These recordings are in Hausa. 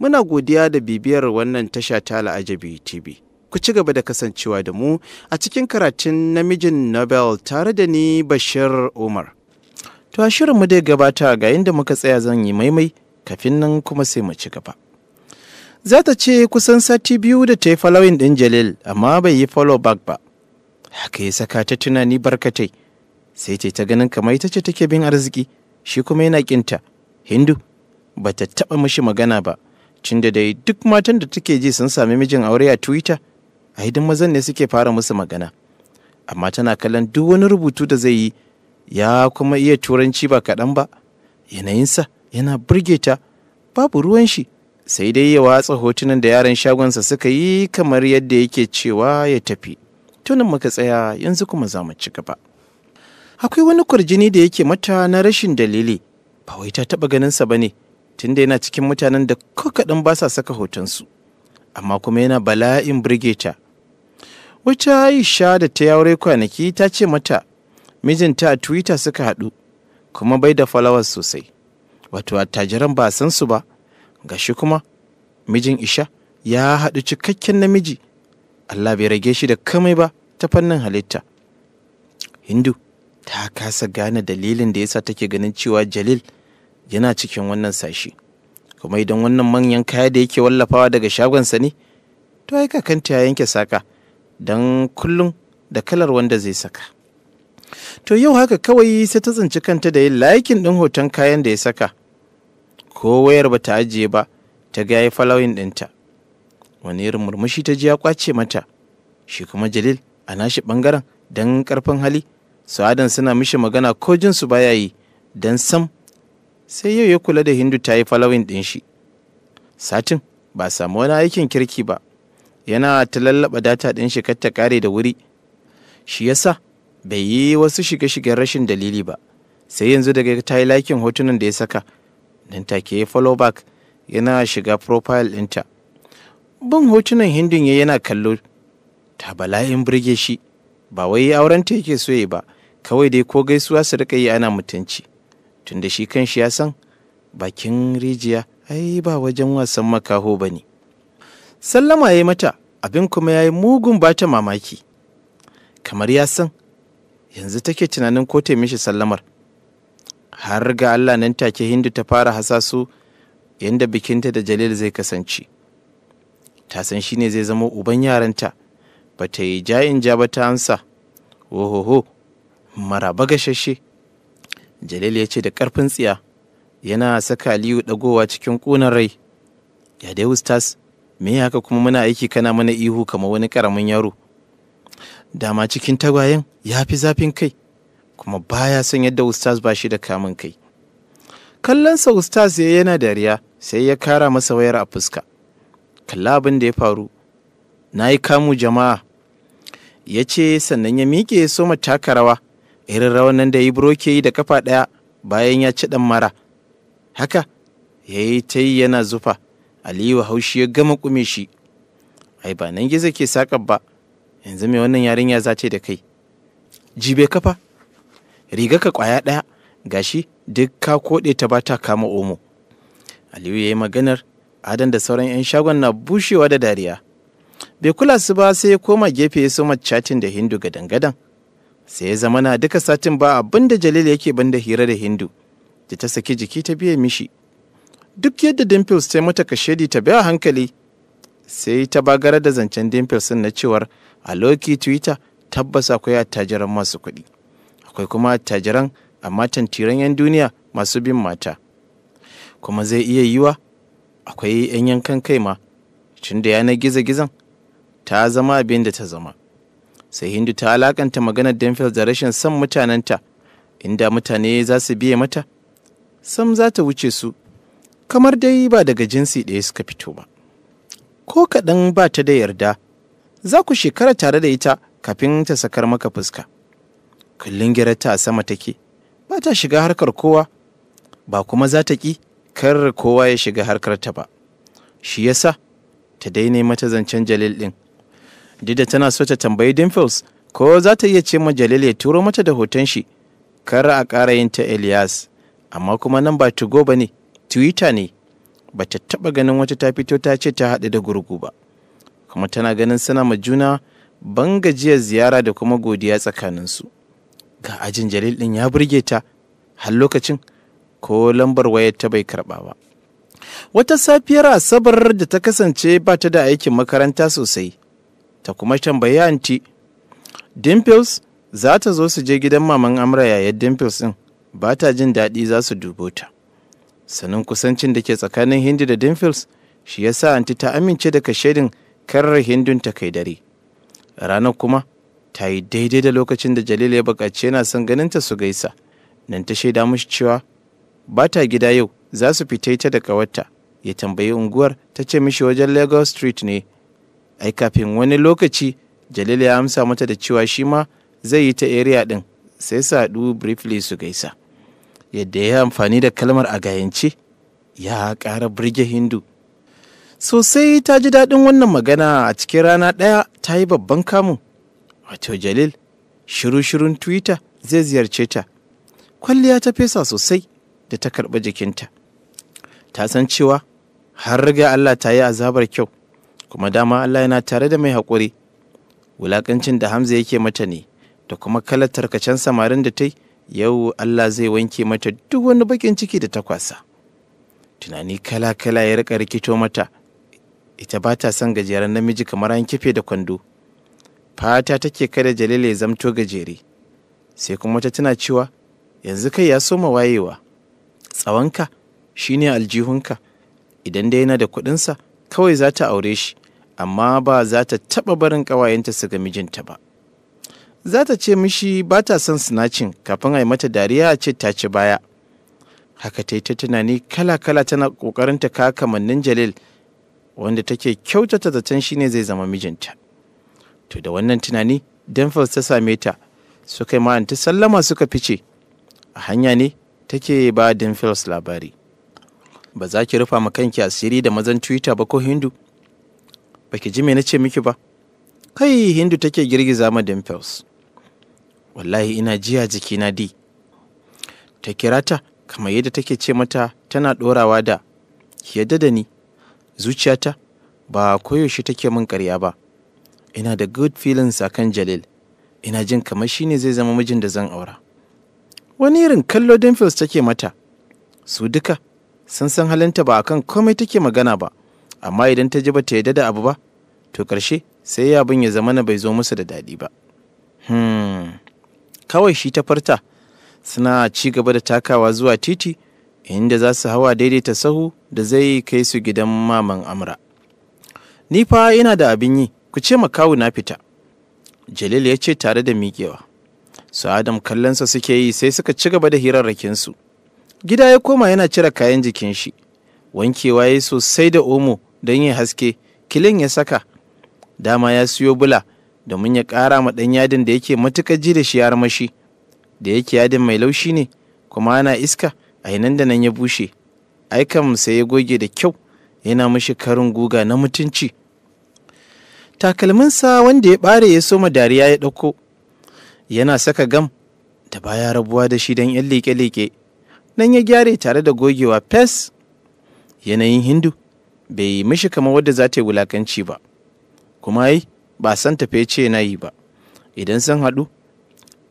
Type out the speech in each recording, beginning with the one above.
Muna godiya da bibiyar wannan tasha ta Al'ajabi TV. Ku ci gaba da kasancewa da mu a cikin karatun namijin Nobel tare da ni Bashir Umar. To a shirin mu dai gabata ga inda muka tsaya zan yi maimai kafin nan kuma sai mu ci gaba. Za ce kusan sati biyu da ta yi falawin ɗin Jalil amma bai yi follow back ba. Haka ya saka ta tunani barkatai sai ce ta ganin kamar ita ce take bin arziki shi kuma yana kinta. Hindu ba ta taɓa mishi magana ba tun da dai duk matan da take ji sun sami mijin aure a twitter a hidin mazan ne suke fara musu magana amma tana kallon duk wani rubutu da zai yi ya kuma iya turanci ba kaɗan ba yanayinsa yana burge ta babu ruwan shi sai dai ya watsa hotunan da yaran shagonsa suka yi kamar yadda yake cewa ya tafi tunan muka tsaya yanzu kuma za mu ci gaba akwai wani kwarjini da yake mata na rashin dalili ba wai ta taɓa ganinsa ba ne tunda yana cikin mutanen da ko kaɗan ba sa saka hotonsu amma kuma yana bala'in birge ta wacce aisha da ta yaure kwanaki ta ce mata mijinta a twitter suka haɗu kuma bai da followers sosai wato attajiran ba san su ba gashi kuma mijin isha ya haɗu cikakken namiji allah bai rage shi da kamai ba ta fannin halitta hindu ta kasa gane dalilin da yasa take ganin cewa jalil yana cikin wannan sashi kuma idan wannan manyan kaya da yake wallafawa daga shagonsa ne to ai kanta ya yanke saka don kullum da kalar wanda zai saka to yau haka kawai sai ta tsinci kanta da yin laikin ɗin hoton kayan da ya saka ko wayar ba ta ajiye ba ta ga ya falawin ɗinta wani irin murmushi ta ji ya kwace mata shi kuma jalil a nashi ɓangaren don ƙarfin hali su adan suna mishi magana ko jinsu baya yi don sam sai yau ya kula da hindu ta yi falawin ɗin shi satin ba samu wani aikin kirki ba yana ta lallaba data ɗin shi ta kare da wuri shi yasa bai yi wasu shiga shigen rashin dalili ba sai yanzu daga ta yi lakin hotunan da ya saka nan take ya follow back yana shiga profile ɗinta bin hotunan hindun ya yana kallo ta bala'in burge shi ba wai aurenta yake so ya ba kawai dai ko gaisuwa su rika yi ana mutunci tunda shi kan shi ya san bakin rijiya ai ba wajen wasan makaho ba ne sallama ya yi mata abin kuma ya yi mugun ba ta mamaki kamar ya san yanzu take tunanin ko ta mishi sallamar har ga allah nan take hindu ta fara hasasu yadda bikinta da jalil zai kasance ta san shi ne zai zama uban yaranta ba ta yi ja in ja ba ta ansa ohoho mara bagashashe jalil ya ce da ƙarfin tsiya yana saka aliyu ɗagowa cikin ƙunar rai ya dai ustas me haka kuma muna aiki kana mana ihu kamar wani ƙaramin yaro dama cikin tagwayen ya fi zafin kai kuma baya son yadda wustas ba shi da kamun kai kallonsa wustas ya yana dariya sai ya kara masa wayar a fuska kalla abin da ya faru na yi kamu jama'a ya ce sannan ya miƙe ya soma taka rawa irin rawan nan da ya ke yi da kafa ɗaya bayan ya ci ɗan mara haka ya yi ta yi yana zufa aliyu haushi ya gama kume shi ai ba nan gizo ke saƙa ba yanzu mai wannan yarinya za zace da kai jibe kafa riga ka ƙwaya ɗaya gashi duk ka koɗe ta ba ta kama omo aliyu ya yi maganar adan da sauran 'yan shagon na bushewa da dariya bai kula su ba sai ya koma gefe ya soma catin da hindu gadan-gadan sai ya zama na duka satin ba abin da jalil yake da hira da hindu da ta saki jiki ta biya mishi duk yadda dimples ta mata kashedi ta biya hankali sai ta bagara da zancen dimples na cewar a loki twitter tabbas akwai attajiran masu kuɗi akwai kuma attajiran a matan tiran 'yan duniya masu bin mata kuma zai iya yiwa akwai 'yan yankan kai ma tun da yanar gizo-gizon ta zama abin da ta zama. sai hindu ta alakanta maganar denfield da rashin son mutanenta inda mutane za su biye mata sam za ta wuce su kamar dai ba daga jinsi ɗaya suka fito ba ko kaɗan ba ta da yarda za ku shekara tare da ita kafin ta sakar maka fuska kullum girata a sama take ba ta shiga harkar kowa ba kuma za ta ƙi kar kowa ya shiga harkar ta ba shi yasa ta daina mata zancen jalil ɗin Dida tana so ta tambayi Dimples ko za ta iya ce ma Jalil ya turo mata da hoton shi kar a ƙara yin ta Elias amma kuma nan ba tugo ba ne Twitter ne ba ta taɓa ganin wata ta fito ta ce ta haɗu da gurgu ba kuma tana ganin suna ma juna ban gajiyar ziyara da kuma godiya tsakaninsu ga ajin Jalil ɗin ya burge ta har lokacin ko lambar wayar ta bai karɓa ba. Wata safiyar Asabar da ta kasance ba ta da aikin makaranta sosai, ta kuma tambayi anti dimples za ta zo su je gidan maman amra yaya dimples din ba ta jin daɗi za su dubo ta sanin kusancin da ke tsakanin hindu da dimples shi ya sa anti ta amince da shaidin karar hindun ta kai dare ranar kuma ta yi daidai da lokacin da jalil ya bukaci yana son ganin ta su gaisa nan ta shaida mushi cewa ba ta gida yau za su fita ita da kawarta ya tambayi unguwar ta ce mishi wajen lagos street ne ai kafin wani lokaci jalil ya amsa mata da cewa shi ma zai yi ta area din sai su briefly su gaisa yadda ya amfani da kalmar a gayance ya ƙara birge hindu sosai ta ji daɗin wannan magana a cikin rana ɗaya ta yi babban kamu wato jalil shiru-shirun twitter zai ziyarce ta kwalliya ta fesa sosai da ta karɓi jikinta ta san cewa har riga allah ta yi azabar kyau kuma dama Allah yana tare da mai haƙuri wulaƙancin da Hamza yake mata ne da kuma kalar tarkacen samarin da ta yau Allah zai wanke mata duk wani bakin ciki da ta kwasa tunani kala kala ya rika rikito mata ita ba ta son gajeren namiji kamar an kife da kwando fata take kada jalila ya zamto gajere sai kuma ta tana cewa yanzu kai ya soma wayewa tsawonka shine aljihunka idan dai yana da kuɗinsa kawai za ta aure shi amma ba za ta taɓa barin ƙawayenta su ga mijinta ba za ta ce mishi ba ta son sinacin kafin a yi mata dariya ce ta ci baya haka ta yi ta tunani kala-kala tana ƙoƙarin ta kamannin jalil wanda take kyautata zaton shine zai zama mijinta to da wannan tunani danfas ta same ta suka yi ma'anta sallama suka fice a hanya ne take ba danfas labari ba za ki rufa ma kanki asiri da mazan twitter ba ko hindu ba ki ji me na ce miki ba kai hindu take girgiza ma dimples wallahi ina jiya jikina di ta kira ta kamar yadda take ce mata tana ɗorawa da yadda da ni zuciyata ba koyaushe take min karya ba ina da good feelings a kan jalil ina jin kamar shi ne zai zama mijin da zan aura wani irin kallo dimples take mata su duka sun san halinta ba akan komai take magana ba amma idan ta ji ba ta yarda da abu ba to ƙarshe sai abin ya zama na bai zo musu da daɗi ba hmm. kawai shi ta farta suna ci gaba da takawa zuwa titi inda za su hawa ta sahu da zai kai su gidan maman amra ni fa ina da abin yi ku ce kawu na fita jalil ya ce tare da miƙewa su adam kallonsa suke yi sai suka ci gaba da hirarrakinsu gida ya koma yana cire kayan jikin shi wankewa ya sosai da omo don yin haske kilin ya saka dama ya siyo bula domin ya ƙara ma ɗan yadin da yake matuƙar ji da shi ya armashi da yake yadin mai laushi ne kuma ana iska a nan da nan ya bushe aikan sai ya goge da kyau yana mashi karin guga na mutunci takalminsa wanda ya ɓare ya soma dariya ya ɗauko yana saka gam da baya rabuwa da shi don 'yan leƙe-leƙe nan ya gyare tare da gogewa fes yanayin hindu bai yi mishi kamar wadda za ta yi wulakanci ba kuma yi ba san tafe ce na yi ba idan sun haɗu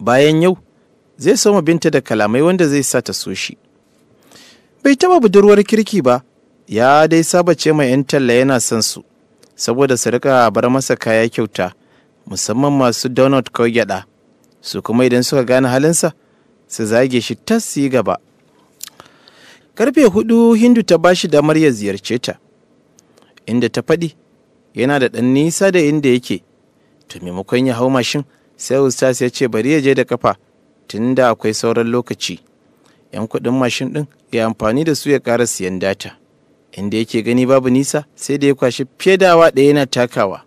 bayan yau zai soma binta da kalamai wanda zai sa ta so shi bai taba budurwar kirki ba ya dai saba ce mai 'yan talla yana son su saboda su rika bar masa kaya kyauta musamman masu donut ko gyada su kuma idan suka gane halinsa su zage shi tas yi gaba Karfe hudu Hindu ta bashi damar ya ziyarce ta, inda ta faɗi yana da ɗan nisa da inda yake, to maimakon ya hau mashin sai Ustaz ya ce bari ya je da kafa tunda akwai sauran lokaci. 'Yan kuɗin mashin ɗin ya amfani da su ya ƙara siyan data, inda yake gani babu nisa sai da ya kwashi fiye da ɗaya yana takawa.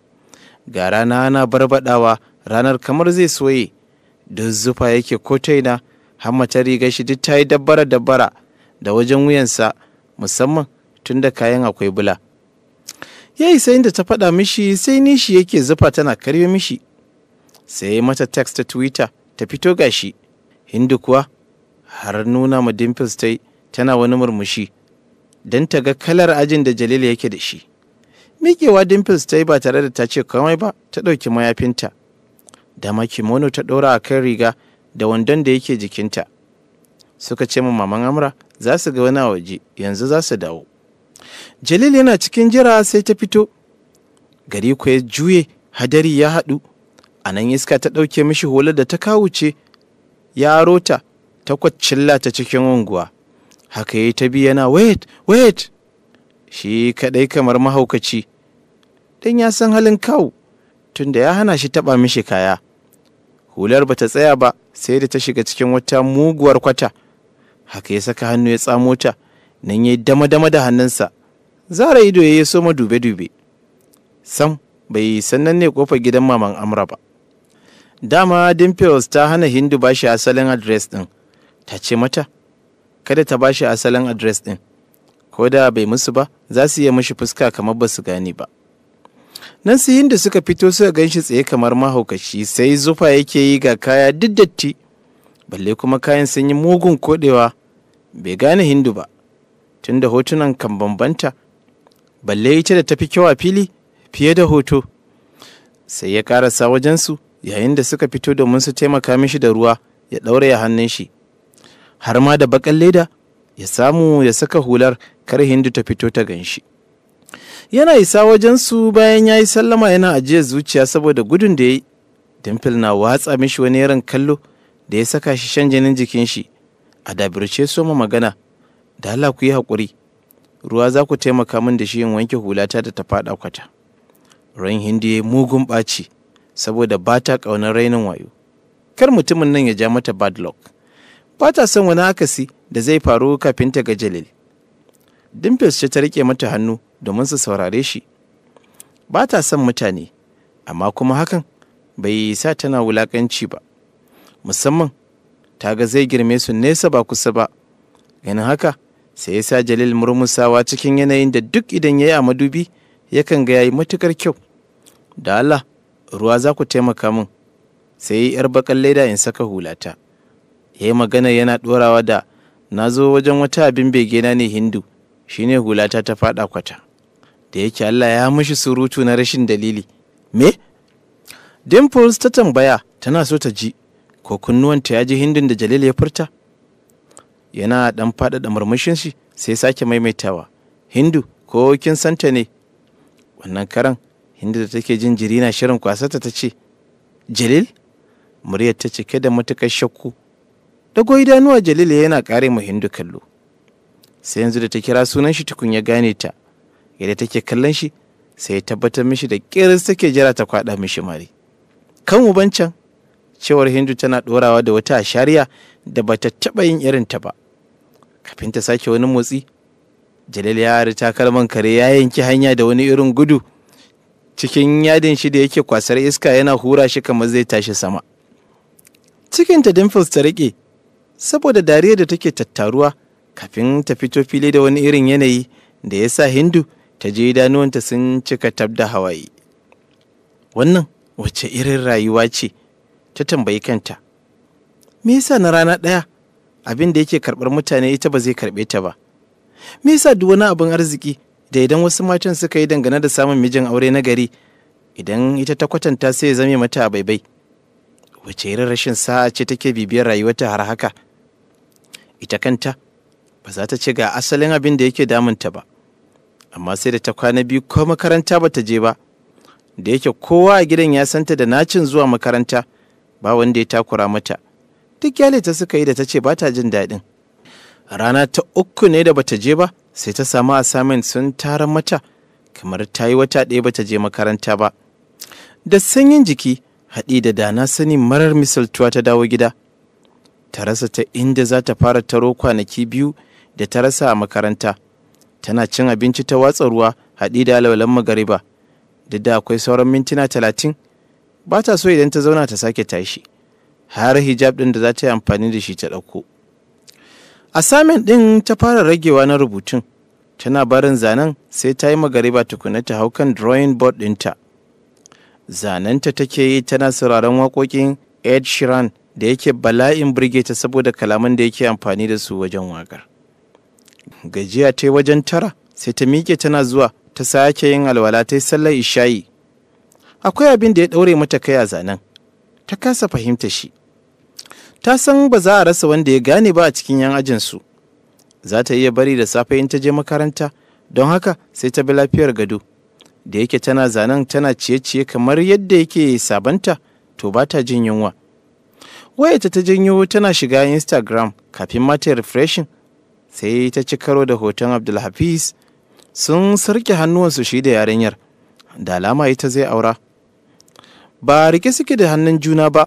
Ga rana ana barbaɗawa ranar kamar zai soye, duk zufa yake ko ta har mata rigar shi duk ta yi dabbara-dabbara. da wajen wuyansa musamman tun da kayan akwai bula ya yi isa da ta faɗa mishi sai nishi yake zufa tana karyo mishi sai ya mata text ta twitter ta fito gashi hindu kuwa har nuna ma dimples ta yi, tana wani murmushi don ta ga kalar ajin da jalil yake da shi miƙewa dimples ta yi ba tare da ta ce kawai ba ta ɗauki mayafinta Da makimono ta ɗora a kan riga da wandon da yake jikinta suka ce min maman amra za su ga wani a waje yanzu za su dawo jalil yana cikin jira sai ta fito gari ku ya juye hadari ya haɗu a nan iska ta ɗauke mishi hular da ta ce ya rota ta kwacilla ta cikin unguwa haka yi ta bi yana wait wait shi kaɗai kamar mahaukaci ɗan ya san halin kawu tunda ya hana shi taɓa mishi kaya hular ba ta tsaya ba sai da ta shiga cikin wata muguwar kwata haka ya saka hannu ya tsamo ta nan ya yi dama-dama da hannunsa zara ido ya yi soma dube-dube sam bai sannan ne kofar gidan maman amra ba dama dimples ta hana hindu ba shi asalin adres din ta ce mata kada ta ba shi asalin adres din ko da bai musu ba za su iya mashi fuska kamar ba su gane ba nan su hindu suka fito suka gan shi tsaye kamar mahaukaci sai zufa yake yi ga kaya duk datti balle kuma kayan sun yi mugun kodewa bai gane hindu ba tunda hotunan kan bambanta balle ita da tafi kyau a fili fiye da hoto sai ya karasa wajensu yayin da suka fito domin su taimaka mishi da ruwa ya ɗaure ya hannun shi har ma da bakan leda ya samu ya saka hular kar hindu ta fito ta ganshi yana isa wajensu bayan ya yi sallama yana ajiyar zuciya saboda gudun da ya yi dimfil na watsa mishi wani yaran kallo da ya saka shi shan jinin jikin shi a dabirce soma magana da Allah ku yi haƙuri ruwa za ku taimaka min da shi yin wanke hulata da ta faɗa kwata ran hindi ya mugun ɓaci saboda ba ta ƙaunar rainin wayo kar mutumin nan ya ja mata bad luck ba ta son wani akasi da zai faru kafin ta ga jalil dimples ce ta rike mata hannu domin su saurare shi ba ta son mutane amma kuma hakan bai sa tana wulakanci ba musamman ta ga zai girme su nesa ba kusa ba ganin haka sai ya sa jalil murmusawa cikin yanayin da duk idan ya yi a madubi yakan ga yayi matukar kyau da allah ruwa za ku taimaka min sai yi yar bakan leda in saka hulata ya yi magana yana ɗorawa da na zo wajen wata abin begena ne hindu shine hulata ta faɗa kwata da yake allah ya mishi surutu na rashin dalili me dimples ta tambaya tana so ta ji ko kunnuwanta ya ji hindin da jalil ya furta yana dan faɗaɗa murmushin shi sai sake maimaitawa hindu ko kin santa ne wannan karan hindu da take jin jiri na shirin kwasata ta ce jalil muryar ta cike da matukar shakku dago idanuwa jalil yana kare mu hindu kallo sai yanzu da ta kira sunan shi tukun ya gane ta yadda take kallon shi sai ya tabbatar mishi da kiris take jira ta kwada mishi mari kan uban can. cewar hindu tana ɗorawa da wata shari'a da ba ta taɓa yin irin ta ba kafin ta sake wani motsi jalil ya hari takalman kare ya yanki hanya da wani irin gudu cikin yadin shi da yake kwasar iska yana hura shi kamar zai tashi sama cikinta dimples ta riƙe saboda dariya da take tattaruwa kafin ta fito fili da wani irin yanayi da ya sa hindu ta je idanuwanta sun cika tab da hawaye wannan wace irin rayuwa ce ta tambayi kanta me yasa na rana ɗaya abin da yake karɓar mutane ita ba zai karɓe ta ba me yasa duk wani abin arziki da idan wasu matan suka yi dangane da samun mijin aure na gari idan ita ta kwatanta sai ya zame mata a baibai wace irin rashin sa'a ce take bibiyar rayuwarta har haka ita kanta ba za ta ce ga asalin abin da yake damunta ba amma sai da ta kwana biyu ko makaranta ba ta je ba da yake kowa a gidan ya santa da nacin zuwa makaranta ba wanda ya takura mata duk yale ta suka yi da ta ce ba ta jin daɗin rana ta uku ne da bata je ba sai ta samu assignment sun tara mata kamar ta yi wata ɗaya bata je makaranta ba da sanyin jiki haɗi da dana sani marar misaltuwa ta dawo gida ta rasa ta inda za ta fara taro kwanaki biyu da ta rasa a makaranta tana cin abinci ta watsa ruwa haɗi da alwalan magariba da da akwai sauran mintuna talatin ba ta so idan ta zauna ta sake tashi har hijab ɗin da za ta yi amfani da shi ta ɗauko assignment ɗin ta fara ragewa na rubutun tana barin zanen sai ta yi magariba tukuna ta hau kan drawing board ɗinta zanenta take yi tana sauraron waƙoƙin ed sheeran da yake bala'in birge ta saboda kalaman da yake amfani da su wajen waƙar gajiya ta yi wajen tara sai ta miƙe tana zuwa ta sake yin alwala ta yi sallar ishayi akwai abin da ya ɗaure mata kai a zanen ta kasa fahimta shi ta san ba za a rasa wanda ya gane ba a cikin yan ajinsu za ta iya bari da safe in ta je makaranta don haka sai ta bi lafiyar gado da yake tana zanen tana ciye-ciye kamar yadda yake sabanta to ba ta jin yunwa wayarta ta janyo tana shiga instagram kafin mata refreshing sai ta ci karo da hoton abdulhafiz sun sarke hannuwansu shi da yarinyar da alama ita zai aura ba rike suke da hannun juna ba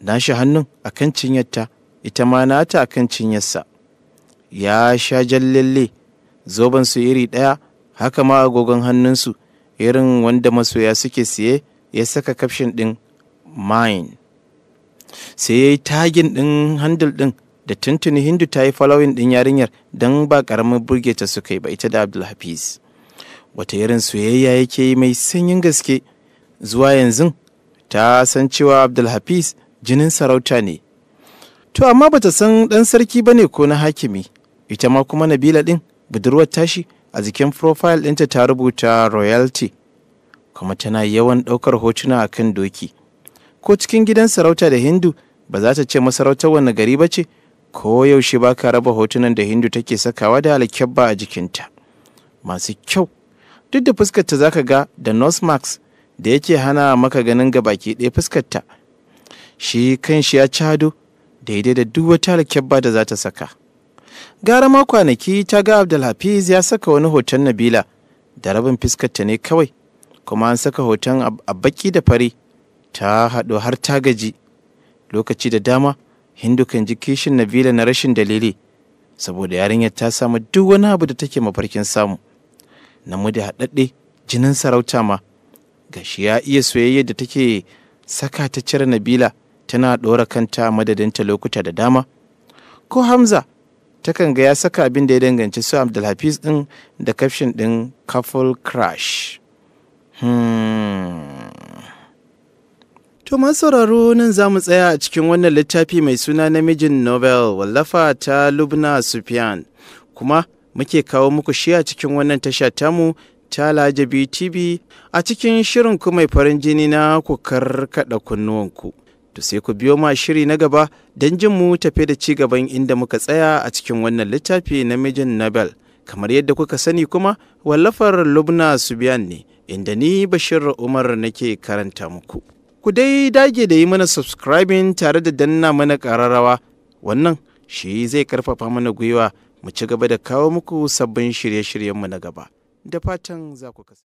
Na shi hannun a kan cinyarta ita ma nata a kan cinyarsa ya sha jallalle zobensu iri ɗaya haka ma agogon hannunsu irin wanda masoya suke siye ya saka kafshin ɗin mine sai ya yi tagin ɗin handle ɗin da tuntuni hindu ta yi following ɗin yarinyar don ba ƙaramin burge ta suka yi ba ita da abdulhafiz wata irin soyayya yake yi mai sanyin gaske zuwa yanzu ta san cewa abdulhafiz jinin sarauta ne to amma ba ta san ɗan sarki ba ne ko na hakimi ita ma kuma nabila ɗin budurwar tashi a jikin profile ɗinta ta rubuta royalty kuma tana yawan ɗaukar hotuna a kan doki ko cikin gidan sarauta da hindu ba za ta ce masarautar wani gari ba ce ko yaushe ba ka raba hotunan da hindu take sakawa da alkyabba a jikinta masu kyau duk da fuskarta za ka ga da nose mask da yake hana maka ganin baki ɗaya fuskarta shi kanshi ya cado daidai da duk wata alkyabba da za ta saka gara ma kwanaki ta ga abdulhafiz ya saka wani hoton nabila da rabin fuskarta ne kawai kuma an saka hoton a baki da fari ta haɗu har ta gaji lokaci da dama hindu kan ji kishin nabila na rashin dalili saboda yarinyar ta samu duk wani abu da take mafarkin samu namu da haɗaɗɗe jinin sarauta ma gashi ya iya soyayyar da take saka ta cire nabila tana ɗora kanta madadinta lokuta da dama ko hamza takan ga ya saka abin da ya danganci su abdulhafiz ɗin da kafshin ɗin couple crash hmm. To sauraro nan za mu tsaya a cikin wannan littafi mai suna namijin Nobel wallafa ta Lubna Sufyan. Kuma muke kawo muku shi a cikin wannan tasha tamu Tala Jabi TV a cikin shirin ku mai farin jini na ku karkada kunnuwanku. To sai ku biyo ma shiri na gaba don jin mu tafe da ci gaban inda muka tsaya a cikin wannan littafi na mijin Nobel. Kamar yadda kuka sani kuma wallafar Lubna Subiyan ne inda ni Bashir Umar nake karanta muku. Ku dai dage da yi mana subscribing tare da danna mana ƙararrawa. Wannan shi zai karfafa mana gwiwa mu ci gaba da kawo muku sabbin shirye-shiryenmu na gaba. da fatan za ku kasa.